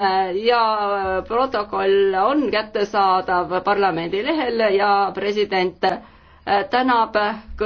Äh, ja äh, protokoll on kättesaadav parlamendi lehel ja president äh, tänab kõiki